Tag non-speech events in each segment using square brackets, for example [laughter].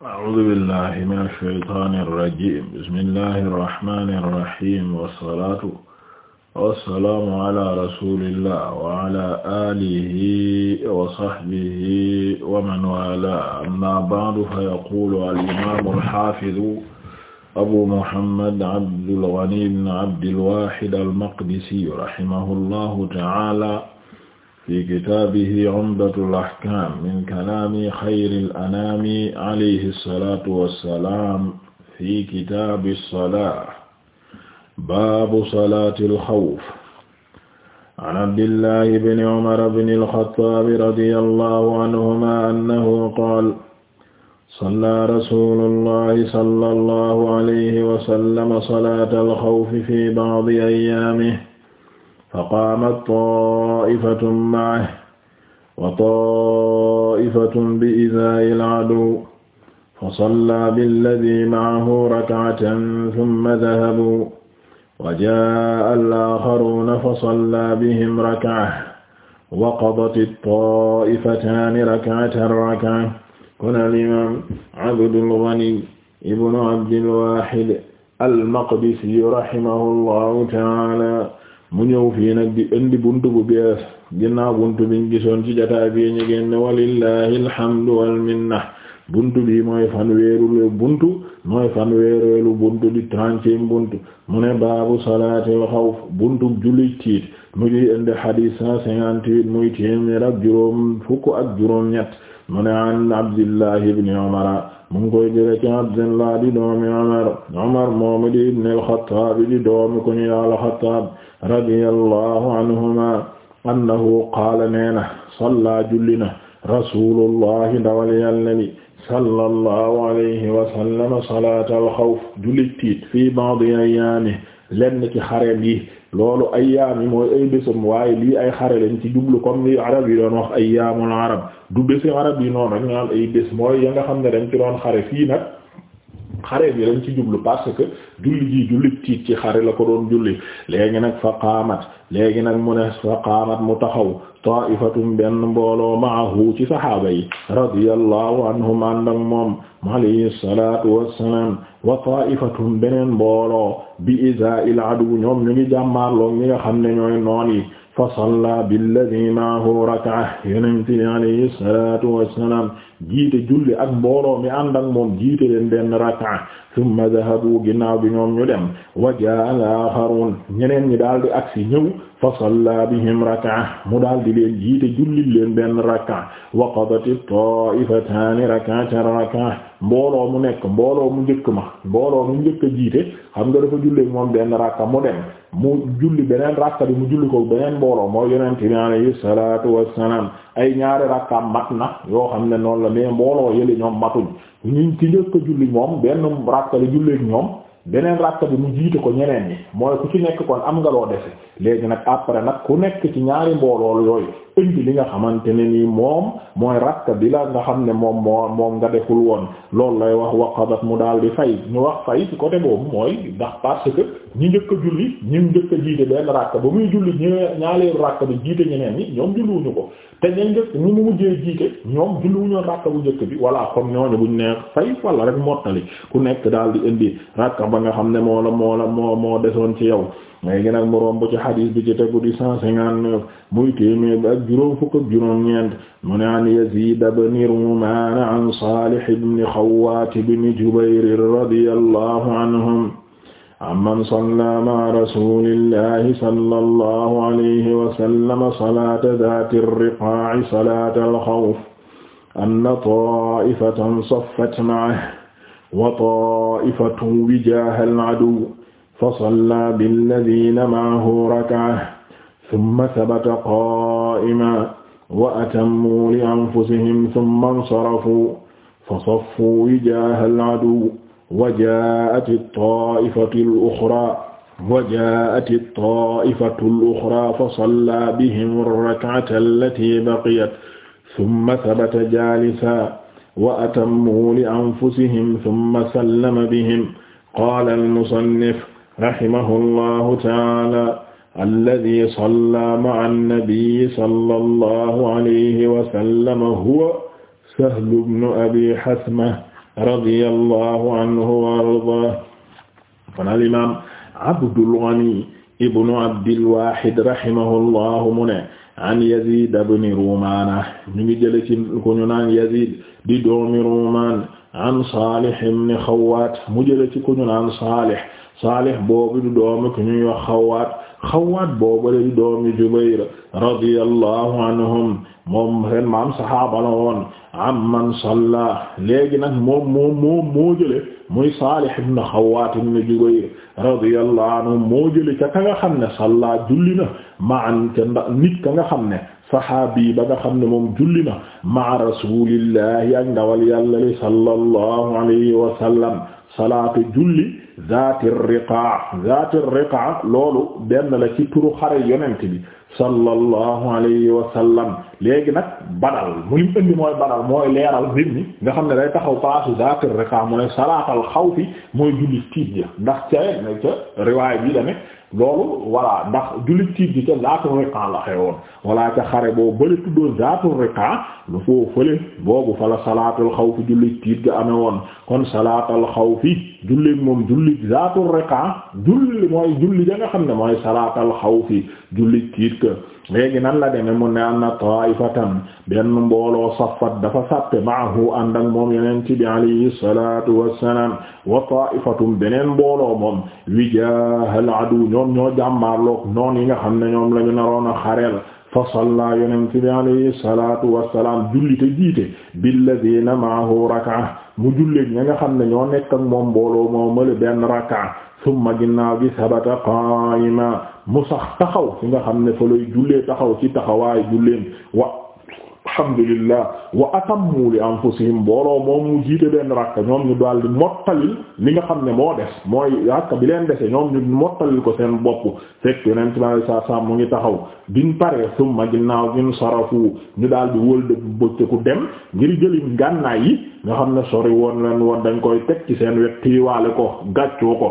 a'uuzu billahi mina shaytaani rajiim bismillahi rahmaani rahiim wasalaatu wasalaamu ala rasulillah wa ala aalihi wa sahbihi wa man waalaahu amma ba'du fa yaquulu al-imaamu al-haafidu abu muhammad abdul ghani ibn abdil waahid al-maqdisi rahimahullahu ta'aala fi kitaabihi umdatul ahkaam min kalaami xayril anaami alayhi salaatu wa salaam fi kitaabi salaah baabu salaatil xawf an abdillahi bni umar bni alxattaabi radiyallahu anhumaa annahu qaala sallaa rasuulullahi sallallahu alayhi wa sallam salaatal xawfi fi ba'di ayyaamihi faqaamat taa'ifatun ma'ahu wa taa'ifatun bi-izaa'il aduwwi fasallaa billadhii ma'ahu rak'atan thumma dhahabuu wa jaa'a al-aakharuuna fasallaa bihim rak'atan wa qadatii taa'ifataani rak'atan rak'atan kaana al-imaam Abdul Ghaniyy ibnu Abdil Waahid al-Maqdisii rahimahullaahu ta'aalaa mu ñëw fii nag di indi buntu bu bees ginnaaw buntu biñ gisoon ci jotaay bi ñu génn walillahi alhamdu wal minna buntu bi mooy fanweerule buntu mooy fanweereelu buntu di trentième buntu mu ne baabu salaatil xawf buntu julli tiit mu ngi indi xadiis cent cinquante-huit muy téeméer ak juróom fukk ak juróom ñett mu ne an Abdullah ibn Umar mu ngi koy jële ci Abdullah di doomi Umar Umar moomu di ibn al-Khattab di doomi ku ñu al-Khattab radiyallahu anhuma annahu qaala neena salla julli na rasulullahi ndawal yàlla li sallallahu alayhi wa sallam salaata al-khawf julli tiit fii ba'di ayyaamihi lenn ci xareem yi loolu ayyaam yi mooy ay bésam waaye lii ay xare lañ ci jublu comme ni arab yi doon wax ayyaamul arab du bési arab yi noonu rek ay bés mooy ya nga xam ne dañ ci doon xare fii nag xare yi lañ ci jublu parce que julli ji julli tiit ci xare la ko doon julli léegi nag fa qaamat léegi nag mu ne fa qaamat mu taxaw ta'ifatun benn mbooloo maahu ci saxaaba yi radiyallahu anhum ànd ak moom alayhi salaatu wassalaam wa ta'ifatun beneen mbooloo bi iza'il adu ñoom ñu ngi jàmmaarloo ñi nga xam ne ñooy noon yi fa salla billadi maahu raka'a yonent bi i salatu wassalaam jiite julli ak mbooloo mi ànd ak moom jiite leen benn raka'a thumma dahabu ginnaaw bi ñoom ñu dem wa jaa al-aaxaruun ñeneen ñi daal di agsi ñëw fa salla bihim raka'a mu daal di leen jiite julli leen benn raka'a wa qadati taa'ifataani rak'ata raka'a mbooloo mu nekk mbooloo mu njëkk ma mbooloo mu njëkk a jiite xam nga dafa jullee moom benn raka mu dem mu julli beneen rakka bi mu julli ko beneen mbooloo mooy yonente bi alayhi salatu wassalam ay ñaari rakka mat na yoo xam ne noonu la mais mbooloo yële ñoom matuñ ñu ci njëkk julli moom benn rakka la julleek ñoom beneen rakk bi mu jiite ko ñeneen ñi mooy ku ci nekk kon am nga loo defe léegi nag après nag ku nekk ci ñaari mbooloolu yooyu indi li nga xamante ne nii moom mooy rakk bi la nga xam ne moom moo moom nga deful woon loolu lay wax waqadat mu daal di fay ñu wax fay ci côté boobu mooy ndax parce que ñi njëkk a julli ñi njëkk a jiite benn rakk ba muy julli ñi ñaareelu rakk bi jiite ñeneen ñi ñoom julliwuñu ko te ña njëkk ñi mu mujjee jiite ñoom julliwuñu rakk bu njëkk bi voilà comme ñooñu buñ ne fay wala rek ku nekk daal di indi ba nga xam ne moo la moo la moo moo desoon ci yow léegi nag mu romb ci xadiis bi ci tegu di cent cinquante-neuf muy téeméer ak juróom fukk ak juróom-ñeent mu ne an Yaziid ibn Rumaan an Saalih ibn Xawwaat ibn Jubayr radiyallahu anhum amman salla ma'a rasuulillahi sallallahu alayhi wa sallam salaata zaati riqaa'i salaata al-xawf anna taa'ifatan saffat ma'ahu wa taa'ifatun wijaaha al-aduwwi fa sallaa billadhiina ma'ahu rak'a thumma thabata qaa'iman wa atammuu li anfusihim thumma insarafuu fa saffuu wijaaha al-aduwwi wa jaa'ati at-taa'ifatu al-ukhraa wa jaa'ati at-taa'ifatu al-ukhraa fa sallaa bihim ar-rak'ata allatii baqiyat thumma thabata jaalisan wa atammuu li anfusihim thumma sallama bihim qaala al-musannif rahimahullahu ta'aala alladhii sallaa ma'a an-nabiyyi sallallahu alayhi wa sallam huwa Sahlu bnu Abi Hasma radiyallahu anhu wa ardaahu kon al-imaam Abdul Ghani ibnu Abdil Waahid rahimahullahu mu ne an Yaziid ibni Rumaana ñu ngi jële ci ko ñu naan Yaziid di doomi Ruumaan an Saalih ibn Xawaat mu jële ci ku ñu naan Saalih Saalih boobu di doomi ku ñuy wax Xawaat Xawaat boobu di doomi Jubayr radiyallahu anhum moom seen maam saxaaba la woon amman salla léegi nag moom moom moom moo muy Saalih ibn Xawaat ibn Jubayr radiyallahu anhum moo jële ca ka nga xam ne salla julli na ma an ca nit ka nga xam ne saxaabi ba nga xam ne moom julli na ma rasulillahi ak ndawal yàlla li sallallahu alayhi wa sallam salaatu julli zaati riqaa zaati riqaa loolu benn la ci turu xare yonent bi sallallahu alayhi wa sallam léegi nag badal mooy leeral mbir nga xam ne day taxaw paasu zakir reka mu ne salaatal xawfi mooy julli tiit ja ndax ca ne ca riwaay bi dane loolu voilà ndax julli tiit ji ca zatul riqa la xewoon wala ca xare boo bële tuddoo salaatul xawfi julli tiit ga amee woon kon salaatal xawfi julli moom julli zatul riqa julli mooy julli nga xam ne mooy salaatal xawfi julli tiit dikk léegi nan la deme mu ne am na taifatan benn booloo safat dafa sàppe maahu ànd ak moom yeneen ci bi alayhi salatu wassalam wa taifatum beneen mbooloo moom wijahal adu ñoom ñoo jàmmaarloog noon yi nga xam ne ñoom la ñu naroon a xareel fa salla yonent bi alayhi salatu wasalaam julli te jiite billadina maahu raka mu julleeg ña nga xam ne ñoo nekk ak moom mbooloo moo mala benn raka summa ginnaaw bi sabata qaayima mu sax taxaw fi nga xam ne fa lay jullee taxaw ci taxawaay julleen wa alhamdulillah wa atammu li anfusihim mbooloo moom mu jiite benn rakka ñoom ñu daal di mottalil li nga xam ne moo des mooy rakka bi leen dese ñoom ñu mottalil ko seen bopp fekk yonent bi sallallahu alayhi wa mu ngi taxaw biñ paree summa ginnaaw ñun sarafu ñu daal di wël de bëcc ku dem ngir jëli gànnaay yi nga xam ne sori woon leen woon dañ koy teg ci seen wet tiiwaale ko gàccoo ko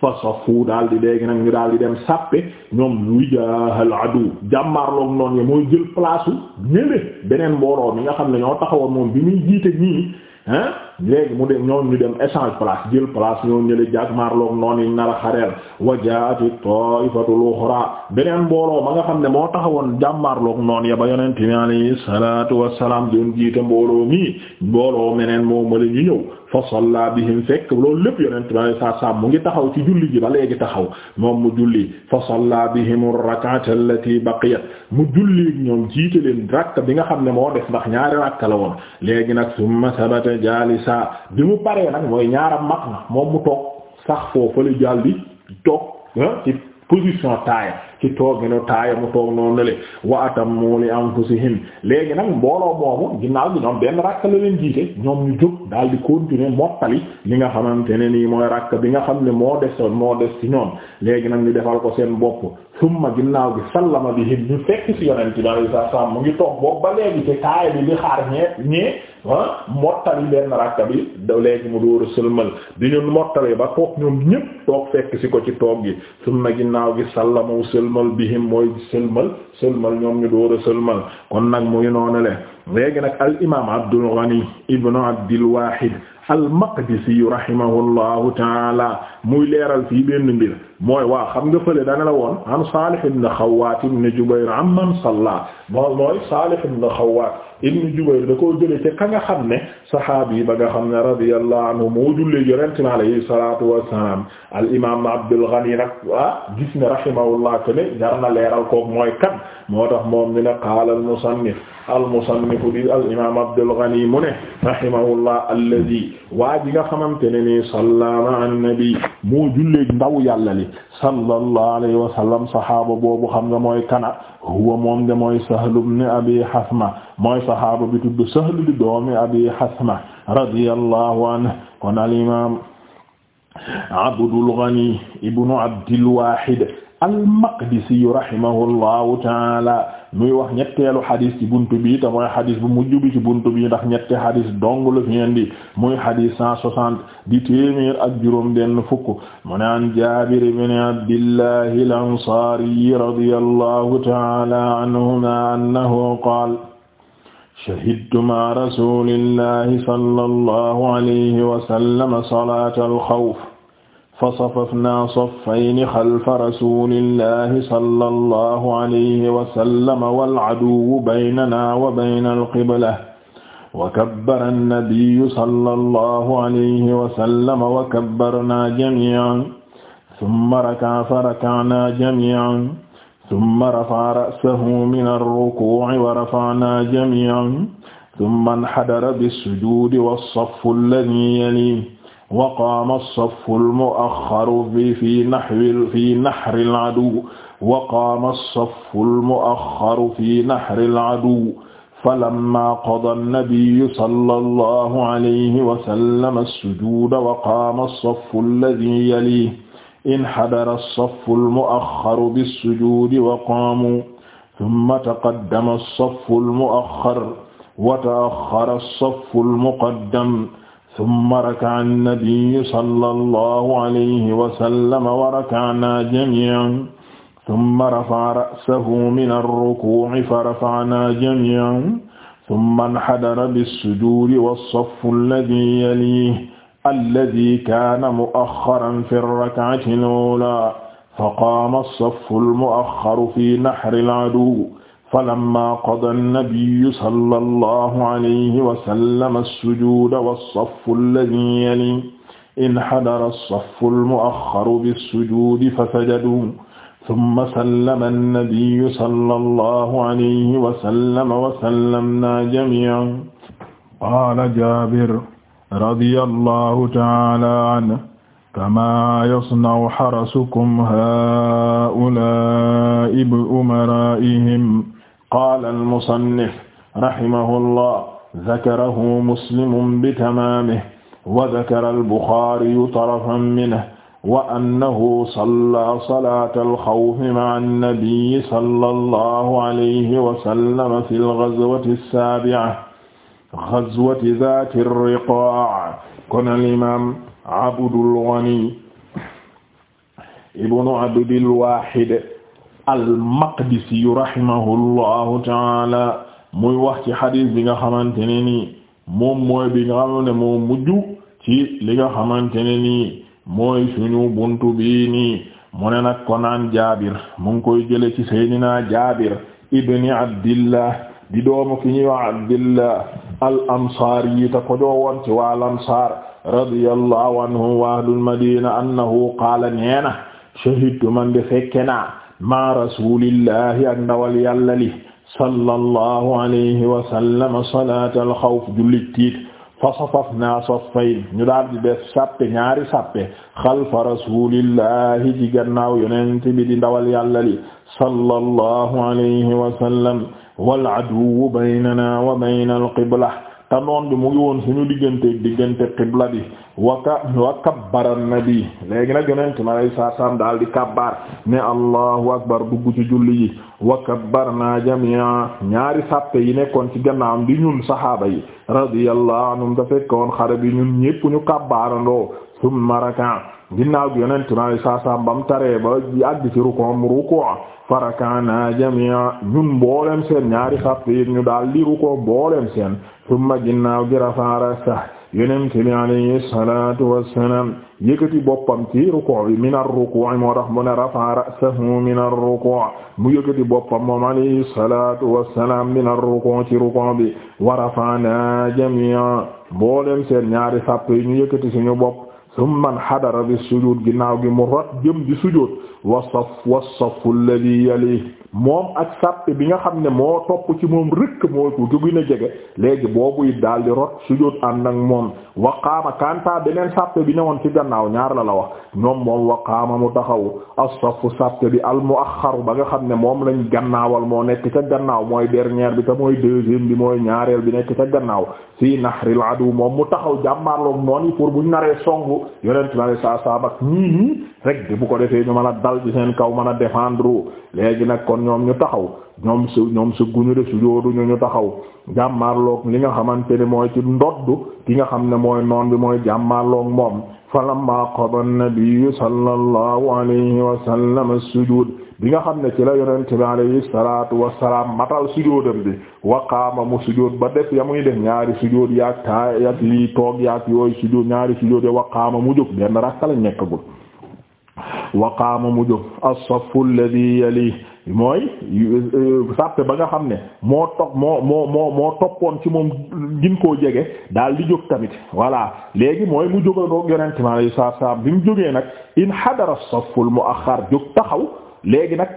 fa safu daal di léegi nag ñu daal di dem sàppe ñoom wijaahal adu jàmmaarloog noonu ya mooy jël place ñële beneen mbooloo mi nga xam ne ñoo taxawoon moom bi muy jiite ñii hein léegi mu dem ñoom ñu dem échange place jël place ñoo ñële jàmmaarloog noonu yi nar a xareel wajaati taifatul uxra beneen mbooloo ma nga xam ne moo taxawoon jàmmaarloog noonu ya ba yonente mi alayhi salaatu wassalaam doon jiite mbooloo mii mbooloo meneen moo ma la ñëw fa salla bihim fekk loolu lépp yonent bi alayhi salaatu mu ngi taxaw ci julli ji ba léegi taxaw moom mu julli fa salla bihim ar-rak'ata allati baqiyat mu julli ñoom jiite leen rakka bi nga xam ne moo def ndax ñaari rakka la woon léegi nag summa sabata jaalisa bi mu paree nag mooy ñaaram mat na moom mu toog sax foofu la jàll di toog ci position taaya ci tooginu taaya mu toog noonu ne le wa atammu li anfusihim léegi nag mbooloo moomu ginnaaw bi ñoom benn rakk la leen jiite ñoom ñu jóg daal di continuer mottali li nga xamante ne nii mooy rakk bi nga xam ne moo des moo des ci ñoom léegi nag ñu defal ko seen bopp summa ginnaaw bi sallama bihim ñu fekk ci yonent bi alayhi salaam mu ngi toog boobu ba léegi ci kaaya bi di xaar ñee ñee ah mottali benn rakka bi da léegi mu dóor a sëlmal di ñun mottali ba toog ñoom ñëpp toog fekk ci ko ci toog gi summa ginnaaw gi sallamaw sëlmal bihim mooy sëlmal sëlmal ñoom ñu dóor a sëlmal kon nag mu ngi noonu le léegi nag al imaam Abdul Ghani ibnu Abdil Wahid al-Maqdisi rahimahullahu taala muy leeral fii benn mbir mooy waa xam nga fële dana la woon an Salih ibn Khawwaat ibn Jubayr amman salla moo mooy Salih ibn Khawwaat ibn Jubayr da koo jëlee ca ka nga xam ne saxaabi yi ba nga xam ne radiyallahu anhu moo jullee yonent mi alayhi salaatu wassalaam al imaam Abdul Ghani nag ah gis ne rahimahullah que ne jar na leeral koog mooy kan. moo tax moom mi ne qaala al-musannif al-musannif di al-imaam Abdul Ghani mu ne rahimahullah alladhi waa ji nga xamante ne nii salla ma'a an-nabi moo julleeg ndaw yàlla li sallallahu alayhi wa sallam saxaaba boobu xam nga mooy kana huwa moom de mooy Sahl ibn Abi Hasma mooy saxaaba bi tudd Sahl di doomi Abi Hasma radiyallahu anhu kon al-imaam Abdul Ghani ibnu Abdil Wahid al-Maqdisiyu rahimahullahu taala muy wax ñetteelu xadis ci buntu bi te mooy xadis bu mujj bi ci buntu bi ndax ñette xadis dong la fi indi muy xadis cent soixante di téeméer ak juróom benn fukk mu naan Jaabir ibn Abdillahi al-Ansaari radiyallahu taala anhuma annahu qaal shahidtu ma'a rasuulillahi sallallahu alayhi wa sallam salaatal xawf fa safafnaa saffayni xalfa rasuulillahi sallallahu alayhi wa sallam wal aduwwu baynanaa wa baynal qibla wa kabbara nabiyyu sallallahu alayhi wa sallam wa kabbarnaa jamii'an summa raka'a fa raka'naa jamii'an summa rafa'a ra'sahu mina rukuu'i wa rafa'naa jamii'an summa inhadara bis-sujuudi was-saffu alladhii yaliihi wa qaama as-saffu al-mu'akhkharu fi fi nahwi fi nahri al-'aduw wa qaama as-saffu al-mu'akhkharu fi nahri al-'aduw falammaa qadaa an-nabiyyu sallallahu alayhi wa sallam as-sujuuda wa qaama as-saffu alladhii yaliihi inhadara as-saffu al-mu'akhkharu bis-sujuudi wa qaamuu thumma taqaddama as-saffu al-mu'akhkhar wa ta'akhkhara as-saffu al-muqaddam summa raka'a an-nabiyyu sallallahu alayhi wa sallam wa raka'naa jamii'an summa rafa'a ra'sahu min ar-rukuu'i fa rafa'naa jamii'an summa inhadara bis-sujuudi was-saffu alladhii yaliihi alladhii kaana mu'akhkharan fi ar-rak'ati al-uulaa fa qaama as-saffu al-mu'akhkharu fii nahri al-'aduwwi falamma qada an-nabiyyu sallallahu alayhi wa sallam as-sujuuda was-saffu alladhii yalii inhadara as-saffu al-mu'akhkharu bis-sujuudi fasajaduu thumma sallama an-nabiyyu sallallahu alayhi wa sallam wa sallamnaa jamii'an. qaala jaabir radiyallahu ta'aalaa anhu kamaa yasna'u harasukum haa'ulaa'i bi umaraa'ihim qaala al-musannif rahimahullah zakarahu muslimun bitamaamihi wa zakara al-buxaariyu tarafan minhu wa annahu sallaa salaatal xawfi ma'a nabiyyi sallallahu alayhi wa sallam fil gazwati saabi'a gazwati zaati riqaa' kon al-imaam Abdul Ghani ibnu Abdil Waahid al-Maqdisi rahimahullahu taala muy wax ci xadiis bi nga xamante ne nii moom mooy bi nga xam ne ci li nga xamante ne nii mooy suñu buntu bii nii mu ne nag ko naan Jaabir mu koy jële ci Seydina Jaabir ibni Abdillah di doomu ki ñuy wax Abdillah al-Ansaari ta ko joowoon ci waa Ansaar radiyallahu anhu wa ahlul Madina annahu qaala neena shahidtu man de fekke ma rasulillahi ak ndawal yàlla li sallallahu alayhi wa sallam salaatal xawf jullit tiit fa safafna saffayn ñu daal di def sàppe ñaari sàppe xalfa rasulillahi ci gannaaw yonent bi di ndawal yàlla li sallallahu alayhi wa sallam wal aduwwu baynana wa baynal qibla te noon bi mu ngi woon suñu diggante diggante qibla bi waka wa kabbara nabi léegi nag yonent ma lay saar saam daal di kabbar ne allahu akbar dugg ci julli yi wa naa jami'a ñaari sàppe yi nekkoon ci gannaawam di ñun saxaaba yi radiyallahu anhum da fekkoon xare bi ñun ñépp ñu kàbbaarandoo summa raka ginnaaw gi yonent mi saa saa bam taree ba àgg ci rukoom rukoo farakana jami'a ñun mbooleem seen ñaari sàppe yi ñu daal li rukoo mbooleem seen summa ginnaaw gi rafaara yonent bi alayhi salatu wassalam yëkkati boppam ci ruku' bi min ar-ruku' moo tax mu ne rafa'a ra'sahu min ar-ruku' mu yëkkati boppam moom alayhi salatu wassalam min ar-ruku' ci ruku' bi wa rafa'na jami'an boolem seen ñaari sàpp yi ñu yëkkati suñu bopp summa hadara bi sujud ginnaaw gi mu rot jëm di sujud wasaf wasaf alladhi yali moom ak sàppe bi nga xam ne moo topp ci moom rëkk moo ko gën a jege léegi boobu it daal di rot sujud ànd ak moom waqaama kanta beneen sàppe bi woon ci gannaaw ñaar la la wax ñoom moom waqaama mu taxaw as-safu sàppe bi al muaxxaru ba nga xam ne moom lañ gannaawal moo nekk ca gannaaw mooy dernière bi te mooy deuxième bi mooy ñaareel bi nekk ca gannaaw fii nahril adu yonent bi alei saa salam ak nii nii rek bu ko defee ñu mën a dal ci seen kaw man a défendre léegi nag kon ñoom ñu taxaw ñoom su ñoom su guñu de su joodu ñu ñu taxaw jàmmarloog li nga xamante ne mooy ci ndodd ki nga xam ne mooy noon bi mooy jàmmarloog moom falamma qada an-nabi sallallahu alayhi wa sallam as-sujud bi nga xam ne ci la yonente bi alayhi salatu wasalaam matal sujoodam bi wa qaama mu sujood ba def ya muy def ñaari sujood yaag taa yaag lii toog yaag yooyu sujood ñaari sujood ya wa qaama mu jóg benn rakka nekk nekkagul wa qaama mu jóg as-saffu alladhi mooy euh, sàppe ba nga xam ne moo topp moo moo moo moo toppoon ci moom gin koo jege daal di jóg tamit voilà léegi mooy mu jógandoog yonente mi alayhi salaatu salaam bi mu jógee nag in hadara saful muaxar jóg taxaw léegi nag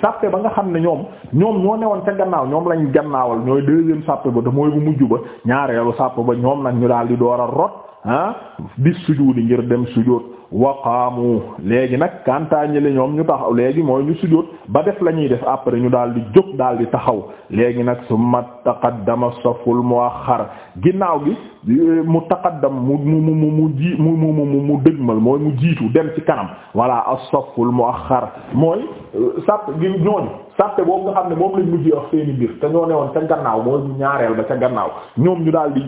sàppe ba nga xam ne ñoom ñoom ñoo newoon ca gannaaw ñoom lañ gannaawal ñooy deuxième sàppe ba te mooy bu mujj ba ñaareelu sàppe ba ñoom nag ñu daal di door a rot ah bi sujuudi ngir dem sujuud waqaamu léegi nag kantaa ñi ñoom ñu taxaw léegi mooy ñu sujuud ba def la ñuy def après ñu daal di jóg daal di taxaw léegi nag su dama taqaddama mu muaxxar ginnaaw gi mu taqaddam mu mu mu mu ji mu mu mu mu dëgmal mooy mu jiitu dem ci kanam voilà as-saful mu'akhkhar mooy euh, sàpp gi ñooñu sàppe boobu nga xam ne moom lañ mujjee wax seeni mbir te ñoo ne woon ca gannaaw mooy ñaareel ba ca gannaaw ñoom ñu daal di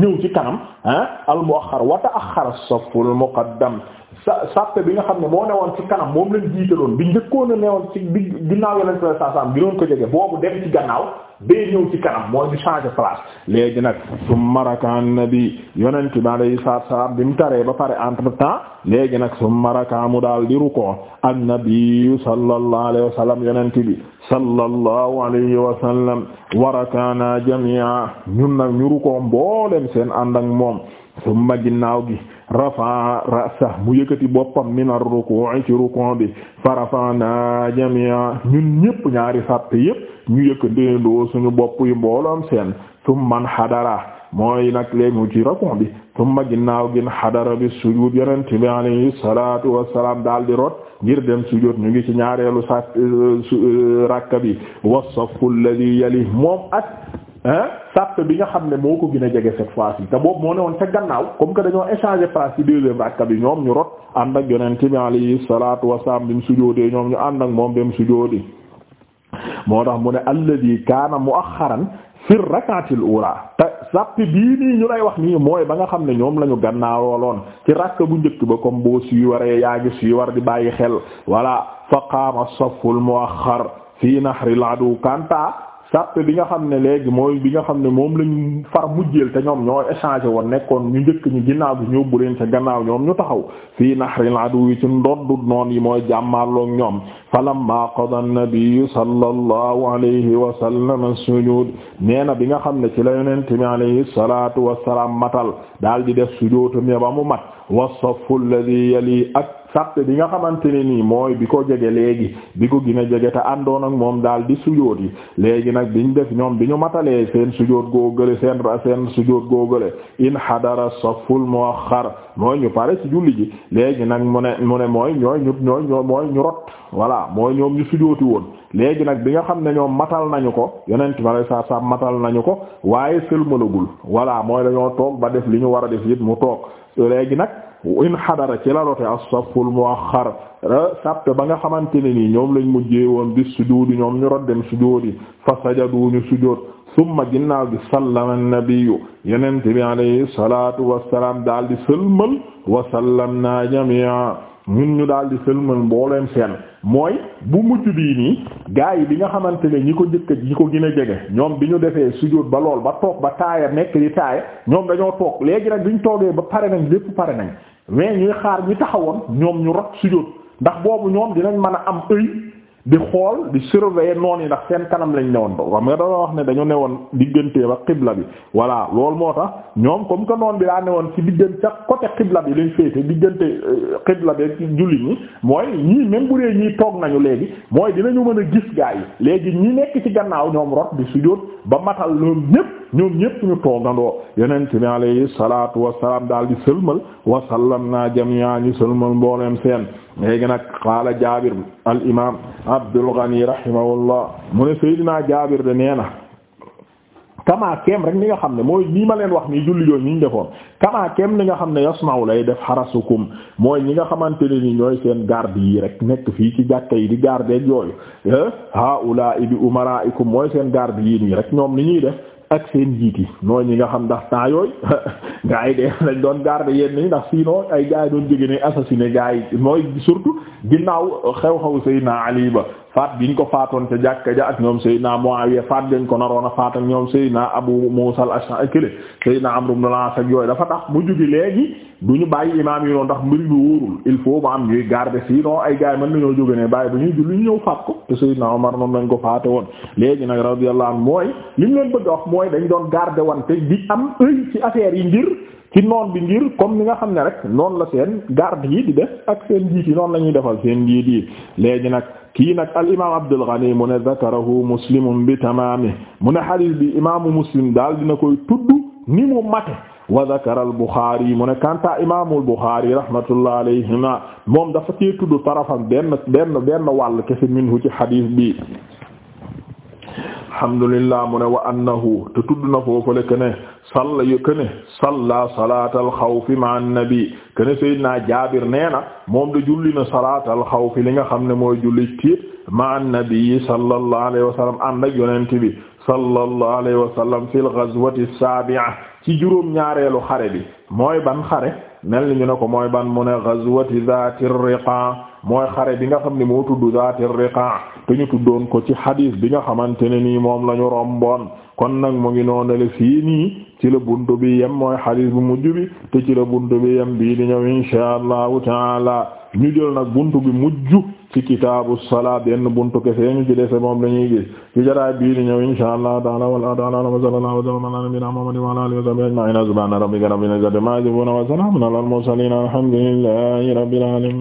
ñëw ci kanam ah al-mu'akhkhar wa ta'akhkhar as-saful muqaddam sa sàppe bi nga xam ne moo ne woon ci kanam moom lañ jiitaloon bi njëkkoon a ne woon ci bi ginnaaw yeneen sa saasaam gi doon ko jege boobu dem ci gannaaw bee ñëw ci mooy ñu changé place léegi nag su marakaan nabi yonent bi alayhi salaatu salaam bi mu taree ba pare entre temps léegi nag su marakaan mu daal di rukkoo an nabi sallallahu alayhi wa sallam bi sallallahu alayhi wa sallam warakaana jami'a ñun nag ñu mboolem seen ànd ak moom summa ginnaaw gi rafa rasa mu yëkkati boppam min ar-ruku' ci ruku' bi fa rafa'na jami'a ñun ñépp ñaari sàppe yépp ñu yëkkatéendoo suñu bopp yi mbooloom seen tum man xadara mooy nag léegi mu ci rakon bi tumma ginnaaw gin xadara bi sujud yonent bi alayhi salatu wasalaam daal di rot ngir dem sujud ñu ngi ci ñaareelu sa euh, rakka bi wassafu alladhi yali moom ak sàpp bi nga xam ne moo ko gën a jege cette fois-ci te boobu moo ne woon ca gannaaw comme que dañoo échanger place ci deuxième rakka ñoom ñu rot ànd ak yonent bi alayhi salatu wasalaam bi mu sujoodee ñoom ñu ànd ak moom dem sujoodi moo tax mu ne alladi kaana muaxxaran fi rak'atil ula te bi bii nii ñu lay wax nii mooy ba nga xam ne ñoom lañu ñu loon ci rakk bu njëkk ba comme boo suy waree yaa ngi suy war di bàyyi xel wala fa qaama saful muaxxar fi nahril adu kanta sàppe bi nga xam ne léegi mooy bi nga xam ne moom lañ far mujjeel te ñoom ñoo échangé woon nekkoon ñu njëkk ñu ginnaaw bi bu leen ca gannaaw ñoom ñu taxaw fii nahril aduwi ci ndoddu noon yi mooy jàmmaarloog ñoom falamma qada a nabi sallallahu alayhi wa sallam as-sujud nee na bi nga xam ne ci la yonent bi alayhi salatu wasalaam matal daal di def sujootam ya ba mu mat wa saffu alladhi ak sàppe bi nga xamante ne nii mooy bi ko jege léegi bi ko gën a jege te àndoon ak moom daal di sujoot yi léegi nag biñ def ñoom bi ñu matalee seen sujoot góogale seen seen sujoot góogale in hadara saful muakhar mooy ñu pare ci julli ji léegi nag mu ne mu ne mooy ñooy ñu ñooy ñooy ñu rot voilà mooy ñoom ñu sujooti woon léegi nag bi nga xam ne ñoom matal nañu ko yeneen ma lay saa saa matal nañu ko waaye sëlmalagul voilà mooy dañoo toog ba def li ñu war a def it mu toog léegi nag in xadara ci la rote as-saful muaxxar sàppe ba nga xamante ne nii ñoom lañ mujjee woon bi sujuudi ñoom ñu rod dem sujuudi fa sajadu ñu sujood summa ginnaaw bi sallama an-nabiyyu yenente bi alayhi salatu wasalaam daal di sëlmal wa sallamna jami'a ñun ñu daal di sëlmal mbooleem seen mooy bu mujj bii nii gaa yi bi nga xamante ne ñi ko jëkk ñi ko gën a jege ñoom bi ñu defee sujjóot ba lool ba toog ba taaya nekk di taaya ñoom dañoo toog léegi nag bi ñu toogee ba pare nañ lépp pare nañ mais ñuy xaar ñi taxawoon ñoom ñu rot sujjóot ndax boobu ñoom dinañ mën a am ëy di xool di surveiller noon yi ndax seen kanam lañ newoon ba xam nga dafa wax ne dañu woon diggantee ba xibla bi voilà loolu moo tax ñoom comme que noon bi daa woon ci diggante ca côté xibla bi lañ féete diggante euh, xibla bi ci julli ñi mooy ñii même bu dee ñii toog nañu léegi mooy dinañu mën a gis gaa yi léegi ñi nekk ci gannaaw ñoom rot di sujjóot ba matal ñoom ñépp ñoom ñépp ñu toogandoo yonent bi alayhi salaatu wassalaam daal di sëlmal wasallam naa jami'a ñu sëlmal mbooleem seen léegi nag qaala Jaabir al imaam Abdul Ghani rahimahullah mu ne Seydina Jaabir de nee na kamaa keem rek ni nga xam ne mooy nii ma leen wax ni julli yooyu ni ñu defoon kamaa keem ni nga xam ne yasma'u lay def xarasukum mooy ñi nga xamante ne ni ñooy seen garde yi rek nekk fii ci jàkka yi di garde yooyu eh, haulaa'i bi umaraa'ikum mooy seen garde yi nii rek ñoom ni ñuy def ak seen jiit yi mooy ñi nga xam ndax temps yooyu [laughs] gars yi de lañ doon garder yenn yi ndax sinon ay gars yi doon jóge ne assassiné gars yi mooy surtout ginnaaw xew-xew Seydina Ali ba faat biñ ko faatoon ca jàkka ja ak ñoom Seydina Muawiya faat dañ ko naroon a faat ak ñoom Seydina Abu Musa al-Ash'ari kële Seydina Amr ibn al-As ak yooy dafa tax mu jugi léegi du ñu bàyyi imaam yi noonu ndax mbir bi wóorul il faut ma am ñuy garder sinon ay gaay mën nañoo jóge ne bàyyi bu ñuy julli ñu ñëw faat ko te Seydina Omar noonu lañ ko faate woon léegi nag radiyallahu anhu mooy li ñu leen bëgg a wax mooy dañ doon garder wante di am œil ci affaire yi ngir ci noon bi ngir comme ni nga xam ne rek noonu la seen garde yi di def ak seen njiit yi noonu la ñuy defal seen njiit yi léegi nag kii nag al imaam Abdul Ghani mu ne zakarahu bi tamaami mu ne hadith bi imaamu daal dina koy tudd ni mu mate wa zakara al Bukhari mu ne kanta imaamul Bukhari rahmatullah alayhima moom dafa cee tudd tarafam benn benn benn wàll kese minhu ci xadiis bi alhamdulillah mu ne wa annahu te tudd na foofale kene salla yu kene salla salaatal xawfi ma annabi kene Seydina Jaabir nee moom de julli na salaatal xawfi li nga xam ne mooy julli tiit ma annabii sallallahu alayhi wa sallam ànd ak yonent bi sallallahu alayhi wa sallam fil ghazwati sabi'a ci juróom ñaareelu xare bi mooy ban xare mel ni ñu ne ko mooy ban mu ne ghazwati zaati riqa mooy xare bi nga xam ne moo tudd zaati riqa te ñu tuddoon ko ci hadis bi nga xamante ne nii moom la ñu romboon kon nag mu ngi noonale fii nii ci la buntu bi yem mooy hadis bu mujj bi te ci la buntu bi yem bii di ñëw insha allahu taala ñu jël nag buntu bi mujj ci kitaabu salaa benn buntu kese ñu ci dese moom lañuy gis ci jaraay bii di ñëw insha Allah ta'ala wala ta'ala wa sallallahu wa sallama ala nabiyyina Muhammadin wa ala alihi wa sahbihi ajma'in subhana rabbika rabbil izzati amma yasifun wa salamun ala al mursalin alhamdulillahi rabbil alamin